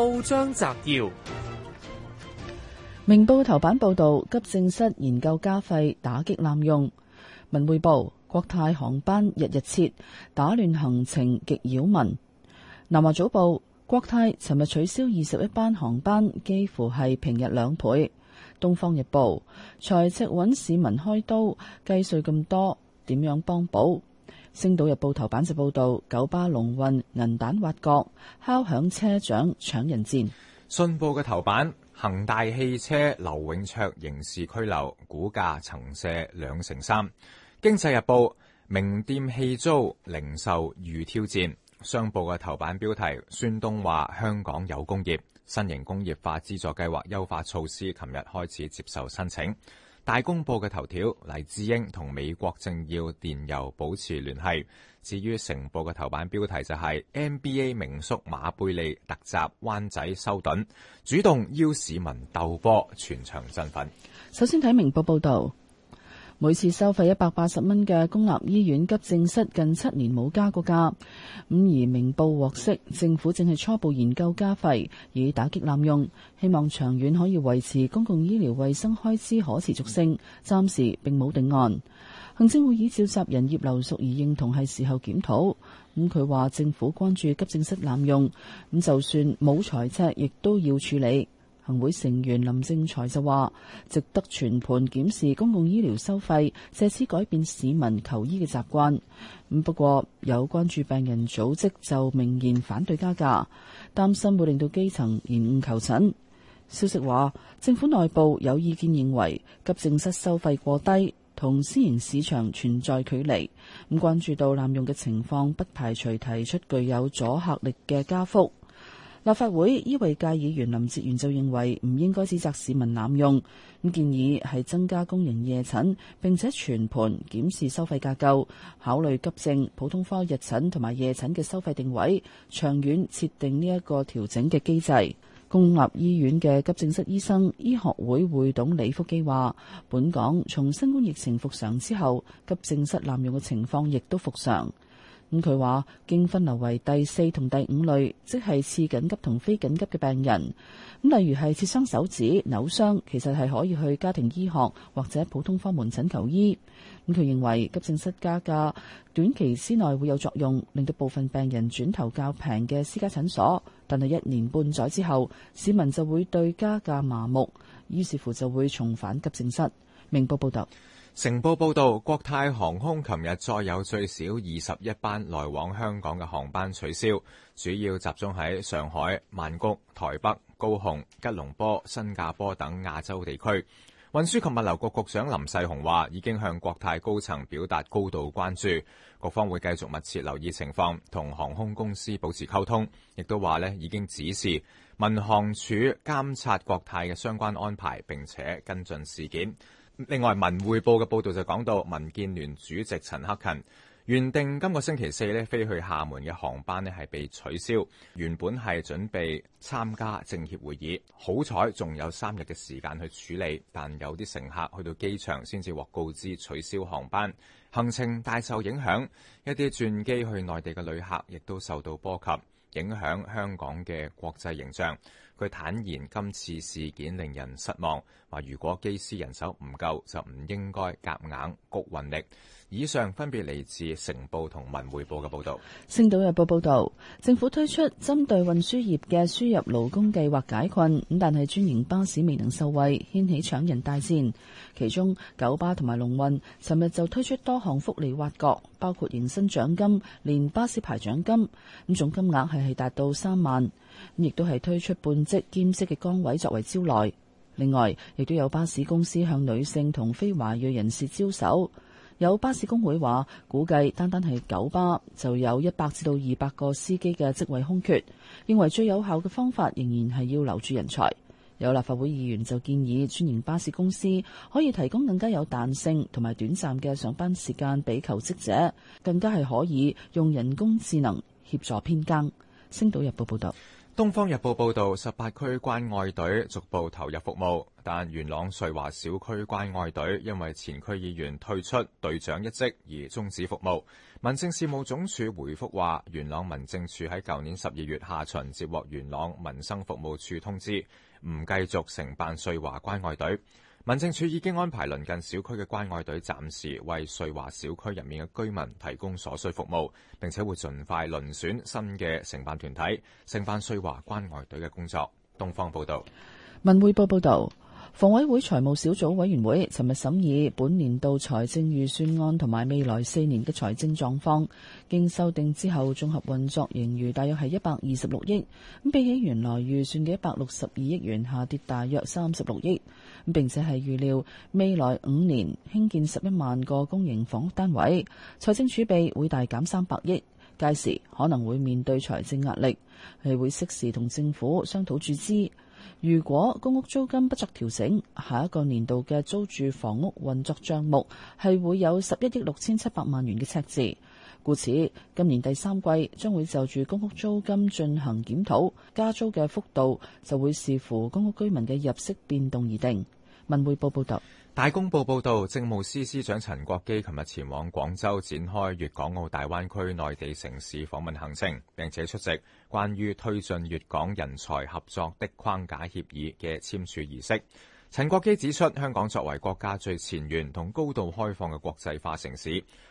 報章摘要：明報頭版報道，急症室研究加費打擊濫用；文匯報，國泰航班日日撤，打亂行程極擾民。南華早報，國泰尋日取消二十一班航班，幾乎係平日兩倍。東方日報，財赤揾市民開刀，計稅咁多，點樣幫補？星島日報頭版就報道九巴龍運銀彈挖角，敲響車長搶人戰。信報嘅頭版恒大汽車劉永灼刑事拘留，股價曾瀉兩成三。經濟日報名店棄租，零售遇挑戰。商報嘅頭版標題：孫東話香港有工業，新型工業化資助計劃優化措施，琴日開始接受申請。大公報嘅頭條，黎智英同美國政要電郵保持聯繫。至於成報嘅頭版標題就係、是、NBA 名宿馬貝利特襲灣仔修頓，主動邀市民鬥波，全場振奮。首先睇明報報道。每次收費一百八十蚊嘅公立醫院急症室近七年冇加過價，咁而明報獲悉政府正係初步研究加費，以打擊濫用，希望長遠可以維持公共醫療衛生開支可持續性，暫時並冇定案。行政會議召集人葉劉淑儀認同係時候檢討，咁佢話政府關注急症室濫用，咁就算冇財赤亦都要處理。行會成員林正才就話，值得全盤檢視公共醫療收費，借此改變市民求醫嘅習慣。咁不過，有關注病人組織就明言反對加價，擔心會令到基層延誤求診。消息話，政府內部有意見認為急症室收費過低，同私營市場存在距離。咁關注到濫用嘅情況，不排除提出具有阻嚇力嘅加幅。立法會醫衞界議員林哲玄就認為唔應該指責市民濫用，咁建議係增加公營夜診，並且全盤檢視收費架構，考慮急症、普通科日診同埋夜診嘅收費定位，長遠設定呢一個調整嘅機制。公立醫院嘅急症室醫生醫學會會董李福基話，本港從新冠疫情復常之後，急症室濫用嘅情況亦都復常。咁佢話經分流為第四同第五類，即係次緊急同非緊急嘅病人。咁例如係切傷手指、扭傷，其實係可以去家庭醫學或者普通科門診求醫。咁佢認為急症室加價短期之內會有作用，令到部分病人轉投較平嘅私家診所。但係一年半載之後，市民就會對加價麻木，於是乎就會重返急症室。明報報道。成報報導，國泰航空琴日再有最少二十一班來往香港嘅航班取消，主要集中喺上海、曼谷、台北、高雄、吉隆坡、新加坡等亞洲地區。運輸及物流局局長林世雄話，已經向國泰高層表達高度關注，各方會繼續密切留意情況，同航空公司保持溝通。亦都話已經指示民航處監察國泰嘅相關安排，並且跟進事件。另外，文匯報嘅報道就講到，民建聯主席陳克勤原定今個星期四呢飛去廈門嘅航班呢係被取消，原本係準備參加政協會議，好彩仲有三日嘅時間去處理，但有啲乘客去到機場先至獲告知取消航班，行程大受影響，一啲轉機去內地嘅旅客亦都受到波及，影響香港嘅國際形象。佢坦言今次事件令人失望，話如果機師人手唔夠就唔應該夾硬谷運力。以上分別嚟自《成報》同《文匯報》嘅報道。《星島日報》報道，政府推出針對運輸業嘅輸入勞工計劃解困，咁但係專營巴士未能受惠，掀起搶人大戰。其中九巴同埋龍運尋日就推出多項福利挖角，包括迎新獎金、連巴士牌獎金，咁總金額係係達到三萬，亦都係推出半，即兼職嘅崗位作為招來，另外亦都有巴士公司向女性同非華裔人士招手。有巴士工會話，估計單單係九巴就有一百至到二百個司機嘅職位空缺，認為最有效嘅方法仍然係要留住人才。有立法會議員就建議，專營巴士公司可以提供更加有彈性同埋短暫嘅上班時間俾求職者，更加係可以用人工智能協助編更。星島日報報道。《東方日報》報導，十八區關愛隊逐步投入服務，但元朗瑞華小區關愛隊因為前區議員退出隊長一職而終止服務。民政事務總署回覆話：元朗民政處喺舊年十二月下旬接獲元朗民生服務處通知，唔繼續承辦瑞華關愛隊。民政處已經安排鄰近小區嘅關愛隊暫時為瑞華小區入面嘅居民提供所需服務，並且會盡快輪選新嘅承辦團體，承辦瑞華關愛隊嘅工作。東方報道，文房委會財務小組委員會尋日審議本年度財政預算案同埋未來四年嘅財政狀況，經修訂之後綜合運作盈餘大約係一百二十六億，比起原來預算嘅一百六十二億元下跌大約三十六億，並且係預料未來五年興建十一萬個公營房屋單位，財政儲備會大減三百億，屆時可能會面對財政壓力，係會適時同政府商討注資。如果公屋租金不作調整，下一個年度嘅租住房屋運作賬目係會有十一億六千七百萬元嘅赤字。故此，今年第三季將會就住公屋租金進行檢討，加租嘅幅度就會視乎公屋居民嘅入息變動而定。文匯報報道。大公報報道，政務司司長陳國基琴日前往廣州展開粵港澳大灣區內地城市訪問行程，並且出席關於推進粵港人才合作的框架協議嘅簽署儀式。陳國基指出，香港作為國家最前沿同高度開放嘅國際化城市，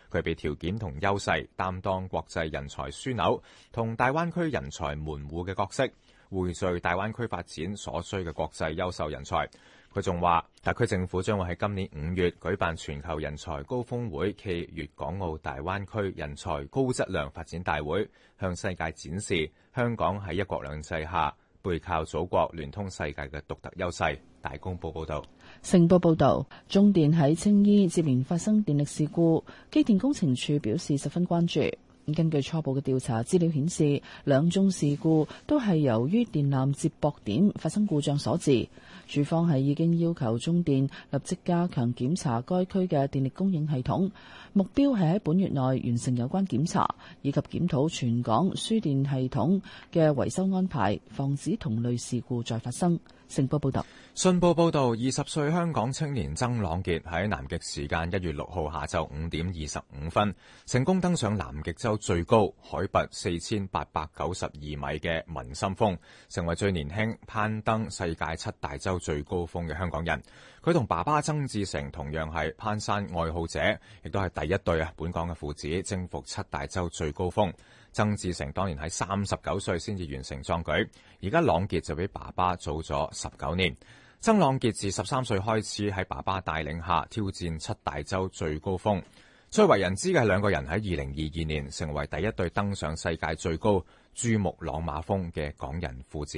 具備條件同優勢，擔當國際人才樞紐同大灣區人才門戶嘅角色，匯聚大灣區發展所需嘅國際優秀人才。佢仲話，特區政府將會喺今年五月舉辦全球人才高峰會暨粵港澳大灣區人才高質量發展大會，向世界展示香港喺一國兩制下背靠祖國、聯通世界嘅獨特優勢。大公報報道。《成報》報道，中電喺青衣接連發生電力事故，機電工程處表示十分關注。根據初步嘅調查資料顯示，兩宗事故都係由於電纜接駁點發生故障所致。署方係已經要求中電立即加強檢查該區嘅電力供應系統，目標係喺本月內完成有關檢查，以及檢討全港輸電系統嘅維修安排，防止同類事故再發生。成報報道，信報報道，二十歲香港青年曾朗杰喺南極時間一月六號下晝五點二十五分，成功登上南極洲最高海拔四千八百九十二米嘅文森峰，成為最年輕攀登世界七大洲最高峰嘅香港人。佢同爸爸曾志成同樣係攀山愛好者，亦都係第一對啊，本港嘅父子征服七大洲最高峰。曾志成當年喺三十九歲先至完成壯舉，而家朗傑就比爸爸早咗十九年。曾朗傑自十三歲開始喺爸爸帶領下挑戰七大洲最高峰。最為人知嘅係兩個人喺二零二二年成為第一對登上世界最高珠穆朗瑪峰嘅港人父子。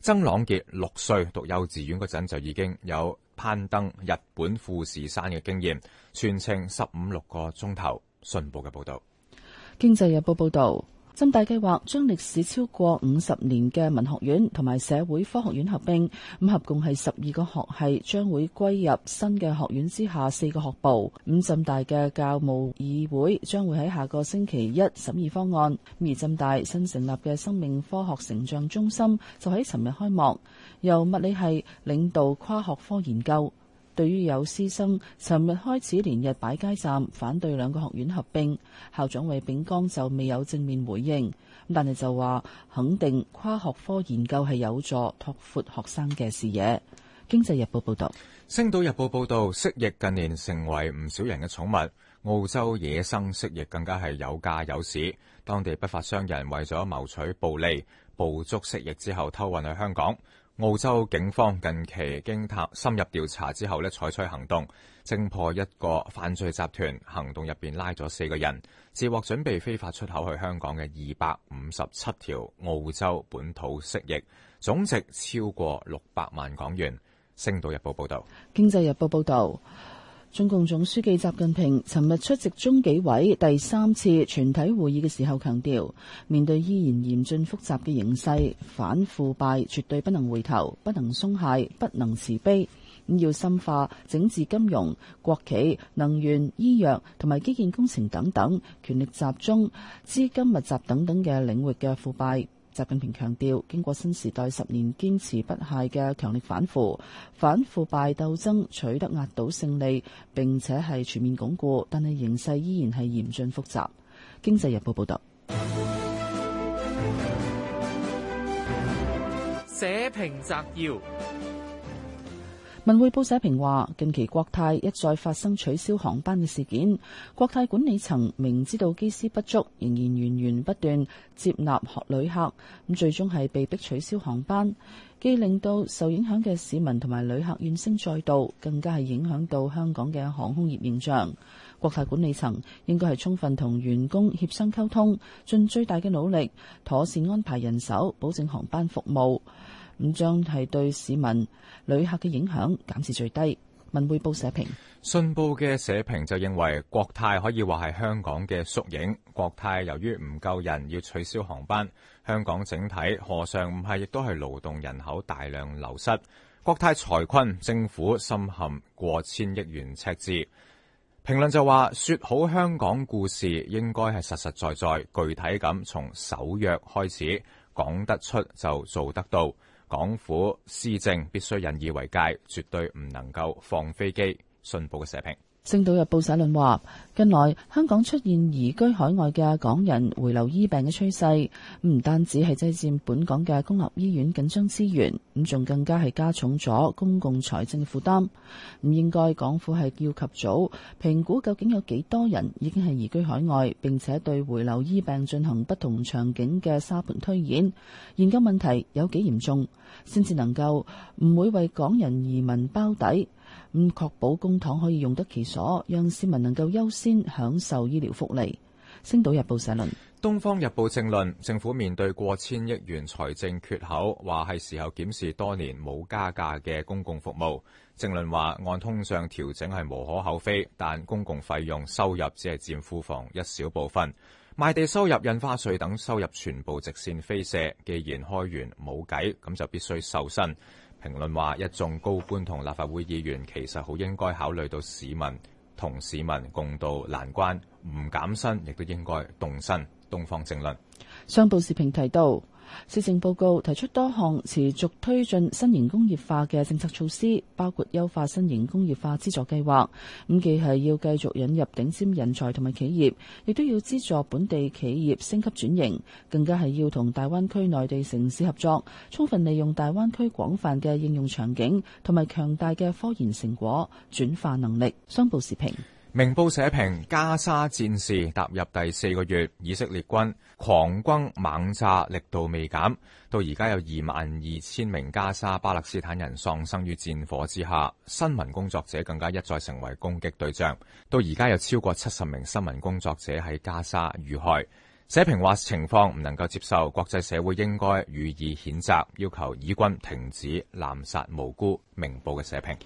曾朗傑六歲讀幼稚園嗰陣就已經有攀登日本富士山嘅經驗，全程十五六個鐘頭。信報嘅報道，經濟日報報道。浸大計劃將歷史超過五十年嘅文學院同埋社會科學院合併，咁合共係十二個學系將會歸入新嘅學院之下四個學部。咁浸大嘅教務議會將會喺下個星期一審議方案。而浸大新成立嘅生命科學成像中心就喺尋日開幕，由物理系領導跨學科研究。對於有師生尋日開始連日擺街站反對兩個學院合併，校長衞炳江就未有正面回應，但係就話肯定跨學科研究係有助拓闊學生嘅視野。經濟日報報道，星島日報報道。蜥蜴近年成為唔少人嘅寵物，澳洲野生蜥蜴更加係有價有市，當地不法商人為咗謀取暴利，捕捉蜥蜴之後偷運去香港。澳洲警方近期經探深入調查之後咧，採取行動，偵破一個犯罪集團，行動入邊拉咗四個人，截獲準備非法出口去香港嘅二百五十七條澳洲本土蜥蜴，總值超過六百萬港元。星島日報報道，經濟日報報道。中共總書記習近平尋日出席中紀委第三次全體會議嘅時候強調，面對依然嚴峻複雜嘅形勢，反腐敗絕對不能回頭，不能鬆懈，不能慈悲。要深化整治金融、國企、能源、醫藥同埋基建工程等等權力集中、資金密集等等嘅領域嘅腐敗。習近平強調，經過新時代十年堅持不懈嘅強力反腐、反腐敗鬥爭，取得壓倒勝利，並且係全面鞏固，但係形勢依然係嚴峻複雜。經濟日報報道。社評摘要。文匯報社評話：近期國泰一再發生取消航班嘅事件，國泰管理層明知道機師不足，仍然源源不斷接納學旅客，咁最終係被逼取消航班，既令到受影響嘅市民同埋旅客怨聲載道，更加係影響到香港嘅航空業形象。國泰管理層應該係充分同員工協商溝通，盡最大嘅努力，妥善安排人手，保證航班服務。咁將係對市民旅客嘅影響減至最低。文匯報社評。信報嘅社評就認為，國泰可以話係香港嘅縮影。國泰由於唔夠人，要取消航班。香港整體何嘗唔係亦都係勞動人口大量流失。國泰財困，政府深陷過千億元赤字。評論就話：説好香港故事應該係實實在在、具體咁，從首約開始，講得出就做得到。港府施政必須引以為戒，絕對唔能夠放飛機。信報嘅社評。星島日報社論話：近來香港出現移居海外嘅港人回流醫病嘅趨勢，唔單止係擠佔本港嘅公立醫院緊張資源，咁仲更加係加重咗公共財政嘅負擔。唔應該港府係要及早評估究竟有幾多人已經係移居海外，並且對回流醫病進行不同場景嘅沙盤推演，研究問題有幾嚴重，先至能夠唔會為港人移民包底。唔確、嗯、保公帑可以用得其所，讓市民能夠優先享受醫療福利。星島日報社論，東方日報正論，政府面對過千億元財政缺口，話係時候檢視多年冇加價嘅公共服務。正論話，按通脹調整係無可厚非，但公共費用收入只係佔庫房一小部分。賣地收入、印花稅等收入全部直線飛瀉，既然開源冇計，咁就必須瘦身。評論話：一眾高官同立法會議員其實好應該考慮到市民，同市民共度難關，唔減薪亦都應該動身。《東方正論》商報時評提到。施政報告提出多項持續推進新型工業化嘅政策措施，包括優化新型工業化資助計劃。咁既係要繼續引入頂尖人才同埋企業，亦都要資助本地企業升級轉型，更加係要同大灣區內地城市合作，充分利用大灣區廣泛嘅應用場景同埋強大嘅科研成果轉化能力。商報時評。明報社評：加沙戰事踏入第四個月，以色列軍狂轟猛炸，力度未減。到而家有二萬二千名加沙巴勒斯坦人喪生於戰火之下，新聞工作者更加一再成為攻擊對象。到而家有超過七十名新聞工作者喺加沙遇害。社評話情況唔能夠接受，國際社會應該予以譴責，要求以軍停止濫殺無辜。明報嘅社評。